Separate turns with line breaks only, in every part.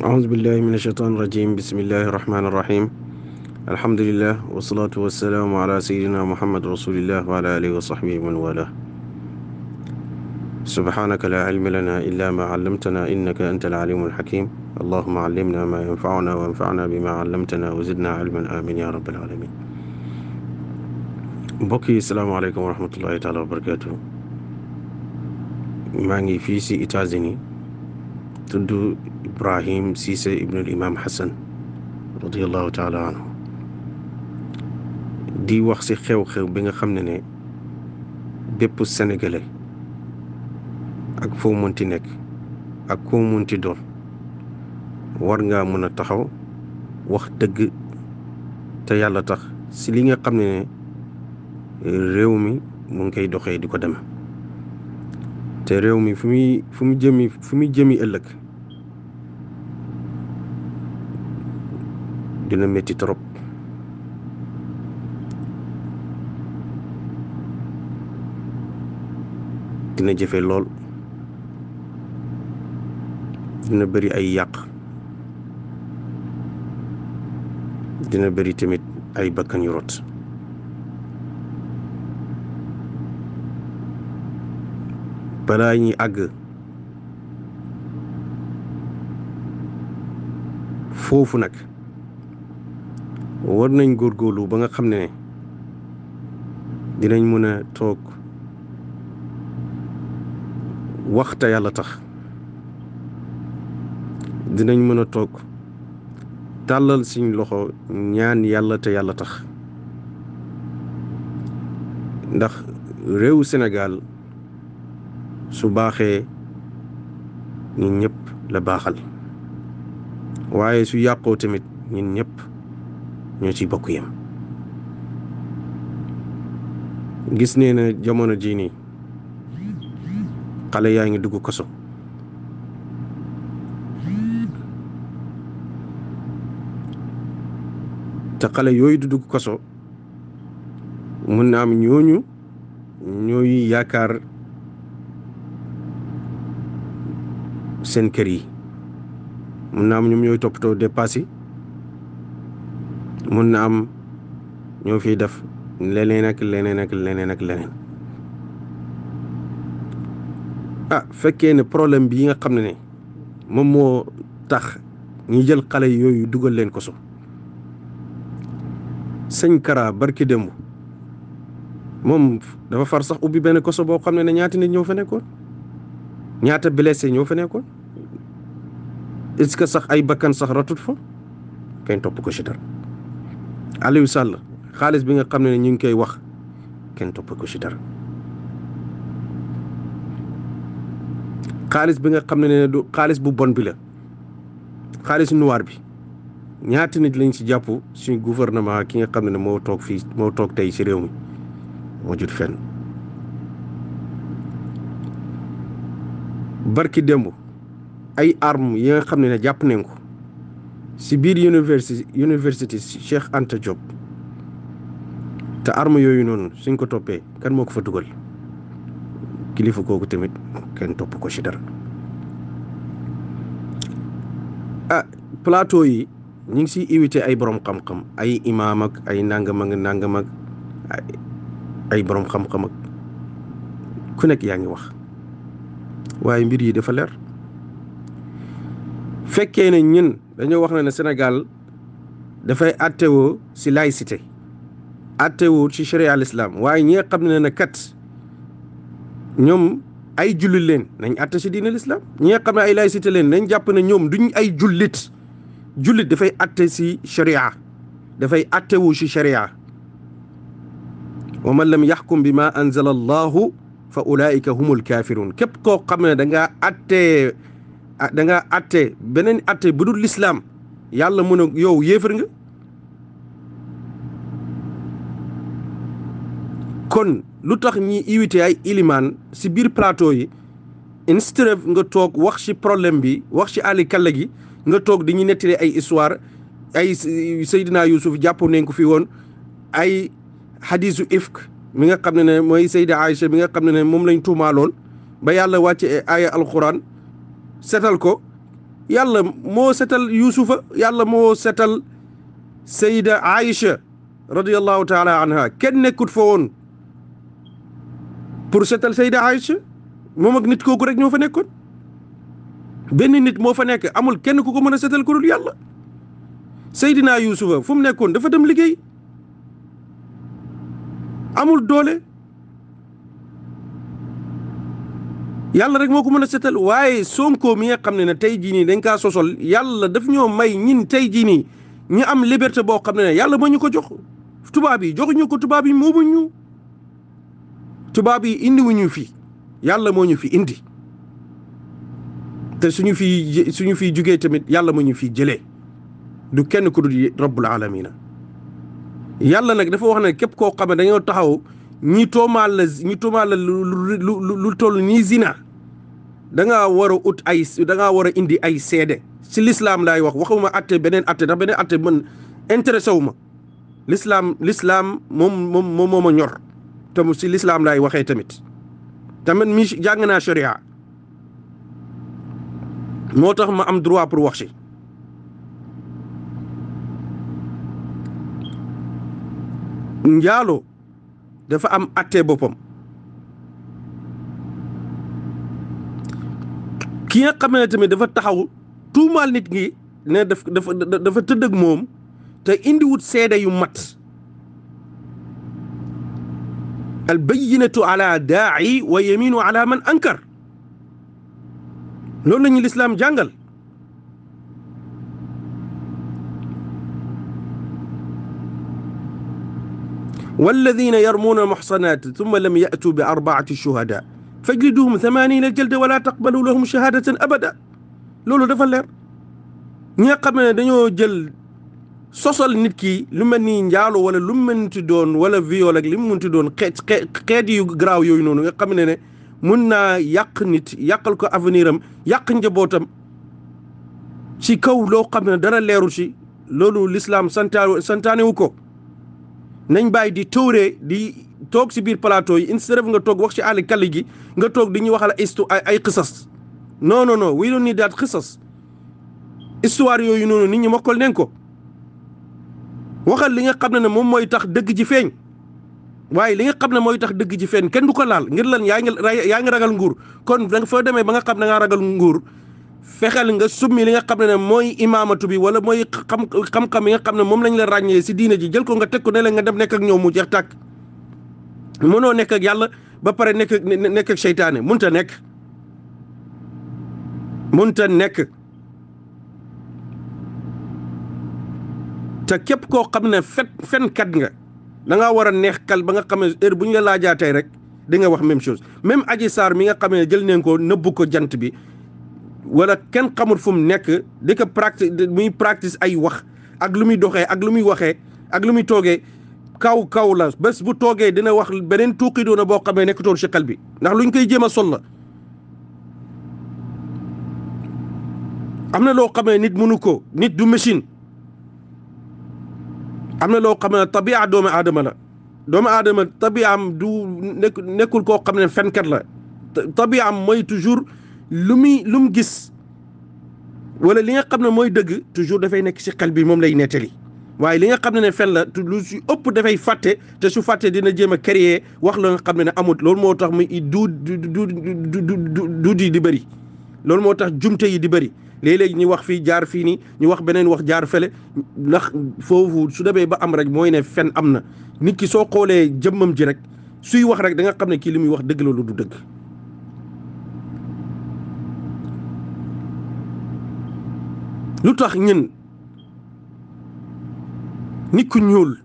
ahousubillahi min asheytaan irajim bismillahi irrahmani irrahim alhamdulilah wasalatu wasalaamu ala sayidina muhammad rasulillah wa ala alihi wa sahbihi man wala subhanaka laa ilma lana illa maa allamtana innaka anta alalimu alxakim allahuma allimna maa yanfauna wa anfana bima allamtana wa zidna ilman amin ya rabbil alamin mbokk yi salaamaaleykum wa rahmatullahi taala wa barakatuh maa ngi fii si États-Unis tudd ibrahim siise ibnul imam hasan radiallahu taala anhu di wax si xew-xew bi nga xam ne ne bépp senegale ak foo mënti nekk ak koo mënti doon war ngaa mën a taxaw wax dëgg te yàlla tax si li nga xam ne ne réew mi mu ngi koy doxee di ko deme te réew mi fu mu jëmi fu muy jëmi ëllëg dina métti torop dina jëfe lool dina bari ay yàq dina bëri tamit ay bakkan yu rot balaa ñuy àgg foofu nag war nañ góor góorlu ba nga xam ne dinañ mën a toog waxta yàlla tax dinañ mën a toog tàllal suñ loxo ñaan yàlla te yàlla tax ndax réew Sénégal su baaxee ñun ñëpp la baaxal waaye su yàqoo tamit ñun ñëpp ñoo ci bokk yem gis nee na jamono jii nii xale yaa ngi dugg koso te xale yooyu du dugg koso mun na am ñooñu ñooy yaakaar seen kër yi mun na am ñoom ñooy toppatoo dépasse yi mun na am ñoo fi def leneen ak leneen ak leneen ak leneen ah fekkee ne problème bi nga xam ne ne moom moo tax ñu jël xale yooyu dugal leen ko so sëñ Kara barki démb moom dafa far sax ubbi benn koso boo xam ne ne ñaata nit ñoo fa ko ñaata blessé ñoo fa ko est-ce que sax ay bakkan sax ratut fa kenn topp ko ci dara Aliou Sall xaalis bi nga xam ne ñu ngi koy wax kenn topp ko ci dara xaalis bi nga xam ne du xaalis bu bon bi la xaalis noir bi ñaata nit lañ ci jàpp suñ gouvernement ki nga xam ne moo toog fii moo toog tey ci réew mi moo jut fenn barki démb ay armes yi nga xam ne jàpp nañ ko si biir université université Cheikh Anta Diop te arme yooyu noonu suñ ko toppee kan moo ko fa dugal kilifa kooku tamit kenn topp ko ci dara ah plateau yi ñu ngi siy invité ay borom xam-xam ay imaamak ay nangam ak nangam ay borom xam-xam ku nekk yaa ngi wax waaye mbir yi dafa leer fekkee ne ñun. dañoo wax na ne Sénégal dafay attewoo si laïcité attewoo ci sharia al islam waaye ñi nga xam ne ne kat ñoom ay jullit leen nañ atte si diin al islam xam ne ay laïcité leen nañ jàpp ne ñoom duñ ay jullit jullit dafay atte si sharia dafay attewoo si sharia wa man lam yaxkum bi ma anzala allahu fa ulaika humul kafirun képp koo xam ne danga attee Ah, da nga atte beneen atte bu dul lislaam yàlla mën a yow yéefar nga kon lu tax ñi iwite ay ilimaan si biir plateau yi instead nga toog wax ci problème bi wax ci àlli kalla gi nga toog di ñu nettali ay histoire ay Seydina Youssouf jàpp nañ ko fi woon ay hadisu ifk mi nga xam ne ne mooy Seyda Aïcha mi nga xam ne ne moom lañ tuumaaloon ba yàlla wàcce aaya alxuraan setal ko yàlla moo setal yuusufa yàlla moo setal sayda aïcha radiallahu taala anha kenn nekkut fa woon pour setal sayda aïcha moom ak nit kooku rek ñoo fa nekkoon benn nit moo fa nekk amul kenn ku ko mën a setal ku dul yàlla seydinaa yuusufa fu mu nekkoon dafa dem liggéey amul doole yàlla rek moo ko mën a setal waaye Sonko mi nga xam ne ne tey jii nii dañ kaa sosol yàlla daf ñoo may ñin tey jii nii ñu am liberté boo xam ne ne yàlla moo ñu ko jox tubaab yi joxuñu ko tubaab yi moomuñ tubaab yi indiwuñu fi yàlla moo ñu fi indi te suñu fi suñu fi jugee tamit yàlla moo ñu fi jëlee du kenn ku dul rabbul alamina yàlla nag dafa wax ne képp koo xam ne dañoo taxaw ñi toomaal la ñi toomaal la lu lu lu toll nii zina da ngaa war a ut ay da ngaa war a indi ay seede si lislaam laay wax waxuma atte beneen atte ndax beneen atte man intéressé wu ma lislaam lislaam moom moom moom moo ma ñor te mu si lislaam laay waxee tamit tamit mi jàng naa sharia moo tax ma am droit pour wax si njaaloo dafa am àtte boppam ki nga xamee ne tamit dafa taxaw tuumaal nit ngi ne daf dafa dafa tëdd moom te indiwut seede yu mat al bayyinatu ala daa'i wa yaminu ala man ankar loolu la ñu lislaam jàngal والذين يرمون المحصنات ثم لم يأتوا بأربعة شهداء فاجلدوهم ثمانين جلدة ولا تقبلوا لهم شهادة أبدا loolu dafa leer ñi nga xam ne dañoo jël sosal nit ki lu mel ni njaalo wala lu mënti doon wala viol ak li mu mënti doon xeet xeet yu garaaw yooyu noonu nga xam ne ne mun naa yàq nit yàqal ko avenir am yàq njabootam ci kaw loo xam ne dara leeru ci loolu lislaam santaa santaane wu ko nañ bàyyi di tawree di toog si biir plateau yi instead nga toog wax ci àll gi nga toog di ñu waxal istu ay ay xisas non non non we don't need that xisas histoire yooyu noonu nit ñi mokkal nañ ko waxal li nga xam ne ne moom mooy tax dëgg ji feeñ waaye li nga xam ne mooy tax dëgg ji feeñ kenn du ko laal ngir lan yaa ngi yaa ngi ragal nguur kon da nga demee ba nga xam ne ngaa ragal nguur fexeel nga summi li nga xam ne mooy imaamatu bi wala mooy xam xam-xam yi nga xam ne moom lañ la ràññee si diine ji jël ko nga teg ko ne la nga dem nekk ak ñoom mu jeex tàkk mënoo nekk ak yàlla ba pare nekk nekk ak seytaane munta nekk munta nekk te képp koo xam ne fen fenkat nga da ngaa war a neex kal ba nga xam ne heure bu ñu la laajaatee rek di nga wax même chose même aji saar mi nga xam ne jël neen ko nëbbu ko jant bi wala kenn xamul fu mu nekk di ko practice muy practice ay wax ak lu muy doxee ak lu muy waxee ak lu muy toogee kaw kaw la bés bu toogee dina wax beneen tuuqi doona boo xamee nekkutoon ci xel bi ndax luñ koy jéem a sol la am na loo xamee nit mënu ko nit du machine am na loo xamee tabi'a doomu aadama la doomu aadama tabi'am du nekk nekkul koo xam ne fenkat la tabi'am mooy toujours lu muy lu mu gis wala li nga xam ne mooy dëgg toujours dafay nekk si xel bi moom lay nettali waaye li nga xam ne ne fen la lu si ëpp dafay fàtte te su fàtte dina jéem a créer wax la nga xam ne ne amut loolu moo tax mu du du duud yi di bëri loolu moo tax jumte yi di bëri léeg-léeg wax fii jaar fii nii ñu wax beneen wax jaar fële ndax foofu su demee ba am rek mooy ne fen am na nit ki soo xoolee jëmmam ji rek suy wax rek da nga xam ne kii li muy wax dëgg la du dëgg lu tax ñun nit ku ñuul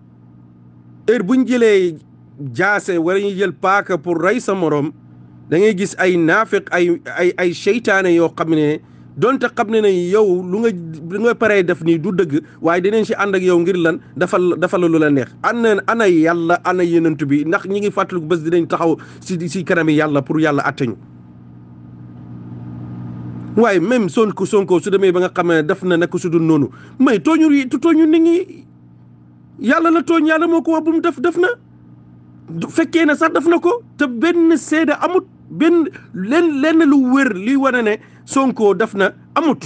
heure bu ñu jëlee jaase wala ñu jël paaka pour rey sa morom da gis ay naafiq ay ay ay seytaane yoo xam ne doonte xam ne ne yow lu nga lu nga paree def nii du dëgg waaye dinañ si ànd ak yow ngir lan dafa dafa la lu la neex ana ana yàlla ana yenant bi ndax ñi ngi fàttaliku bés dinañ taxaw si si kanami yàlla pour yàlla attañu waaye même Sonko Sonko su demee ba nga xam ne def na naka su dul noonu mais tooñul yi tooñu nit ñi yàlla la tooñ yàlla moo ko wax def def na fekkee na sax def na ko te benn seede amut benn lenn lenn lu wër li wane ne Sonko def na amut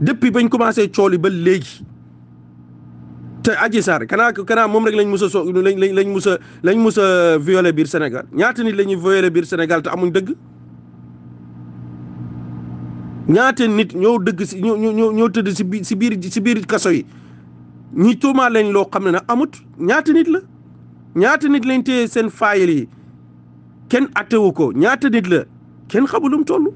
depuis bañ commencé cooli ba léegi te Adji Sarr kanaa kanaa moom rek lañ mus a so lañ lañ mus a lañ mus a violé biir senegal ñaata nit la ñuy violé biir Sénégal te amuñ dëgg ñaata nit ñoo dëgg si ñoo tëdd si biir si biir si biir kaso yi ñi tuumaa loo xam ne nag amut ñaata nit la ñaata nit lañ téye seen faayil yi kenn atewu ko ñaata nit la kenn xamulum toll.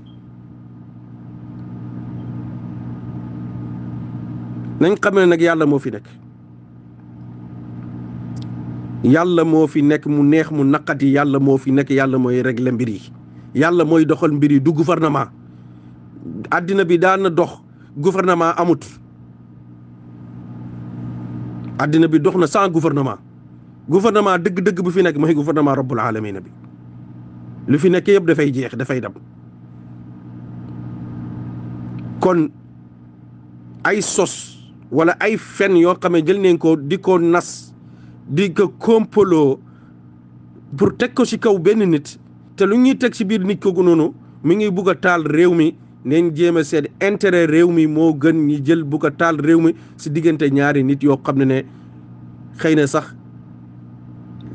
nañ xam ne nag yàlla moo fi nekk yàlla moo fi nekk mu neex mu naqati yàlla moo fi nekk yàlla mooy régler mbir yi yàlla mooy doxal mbir yi du gouvernement. àddina bi daan na dox gouvernement amut àddina bi dox na saa gouvernement gouvernement dëgg-dëgg bu fi nekk mooy gouvernement rabbul alamina bi lu fi nekk yëpp dafay jeex dafay dem kon ay sos wala ay fen yoo xam ne jël nañ ko di ko nas di ko kompaloo pour teg ko ci kaw benn nit te lu ñuy teg ci biir nit ko noonu mi ngi bugg a taal réew mi nañ jéem a seet intérêt réew mi moo gën ñi jël bu ko taal réew mi si diggante ñaari nit yoo xam ne ne xëy na sax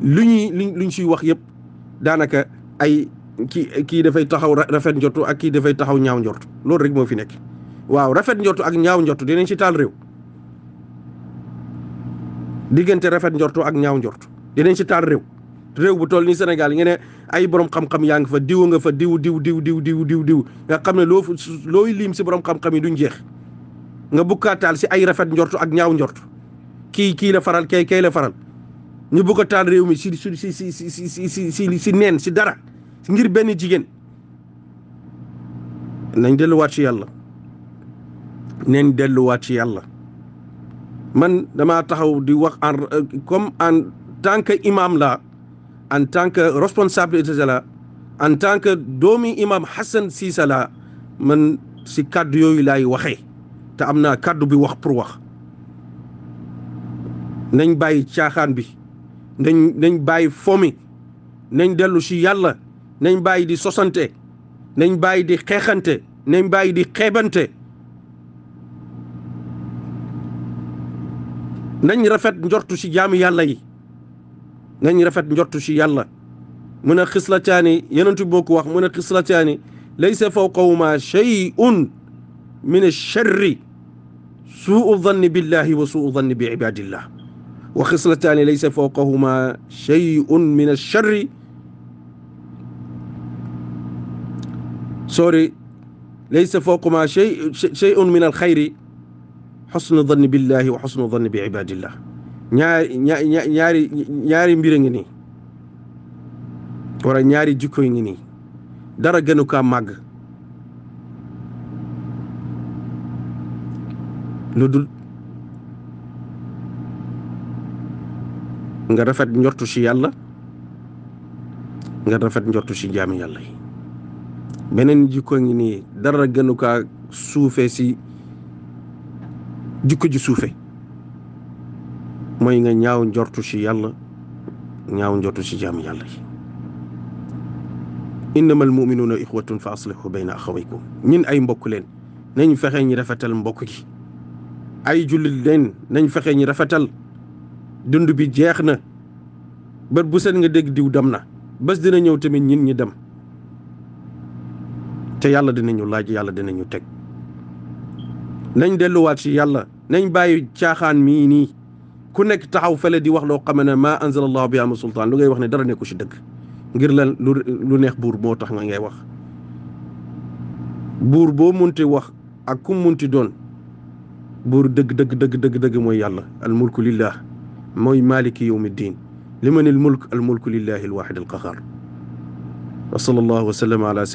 lu ñuy luñ suy wax yëpp daanaka ay kii kii dafay taxaw rafet njortu ak kii dafay taxaw ñaaw njortu loolu rek moo fi nekk waaw rafet njortu ak ñaaw njortu dinañ si taal diggante rafet njortu ak ñaaw njortu dinañ si taal réew réew bu toll nii Sénégal nga ne ay borom xam-xam yaa ngi fa diw nga fa diw diw diw diw diw diw diw nga xam ne loo looy liim si boroom xam-xam yi duñ jeex nga bukkaataal si ay rafet njorto ak ñaaw njortu kii kii la faral kay kay la faral ñu bëgg a taal réew mi si si si si si si si neen si dara ngir benn jigéen nañ delluwaat ci yàlla nañ delluwaat ci yàlla man damaa taxaw di wax en euh, comme en tant que imam la en tant que responsable Etizala en tant que doomi imam Hassan Cissé man si kàddu yooyu laay waxee te am naa kàddu bi wax pour wax nañ bàyyi caaxaan bi nañ nañ bàyyi fomi nañ dellu si yàlla nañ bàyyi di sosante nañ bàyyi di xeexante nañ bàyyi di xeebante nañ rafet njortu si jaamu yàlla yi nañ rafet njortu ci yàlla mu ne xislataani yeneen tu bokk wax mu ne xislataani laysa fawqahuma shay'un min ash-sharri suu danni billahi wa suu danni bi ibadillah wa xislataani laysa fawqahuma shay'un min ash-sharri sorry laysa fawqahuma shay'un min al-khayri xusnu danni billahi wa xusnu danni bi ibadillah ñaari ñaari ñaari mbir a ngi nii wala ñaari jikko yi ngi nii dara gënu kaa màgg lu dul nga rafet njortu ci yàlla nga rafet njortu ci jaami yàlla yi beneen jikko ngi nii dara gënu suufe si jikko ji suufe mooy nga ñaaw njortu ci yàlla ñaaw njortu ci jaam yàlla yi innamal muminuuna ixwatun fa aslihu bayna ko ñun ay mbokk leen nañ fexe ñi rafetal mbokk ci ay jullit leen nañ fexe ñi rafetal dund bi jeex na bët bu set nga dégg diw dem na bés dina ñëw tamit ñin ñi dem te yàlla ñu laaj yàlla dina ñu teg nañ delluwaat ci yàlla nañ bàyyi caaxaan mii nii ku nekk taxaw fële di wax loo xam ne maa anzala allahu bihaa min sultaan lu ngay wax ne dara nekku ci dëgg ngir lan lu neex buur moo tax nga ngay wax buur boo munti wax ak ku munti doon buur dëgg dëgg dëgg dëgg dëgg mooy yàlla al mulku lillah mooy maliki yawmi ddin liman al mulk al mulku lillahi al waxid al qaxaar wa sallallahu wa sallam ala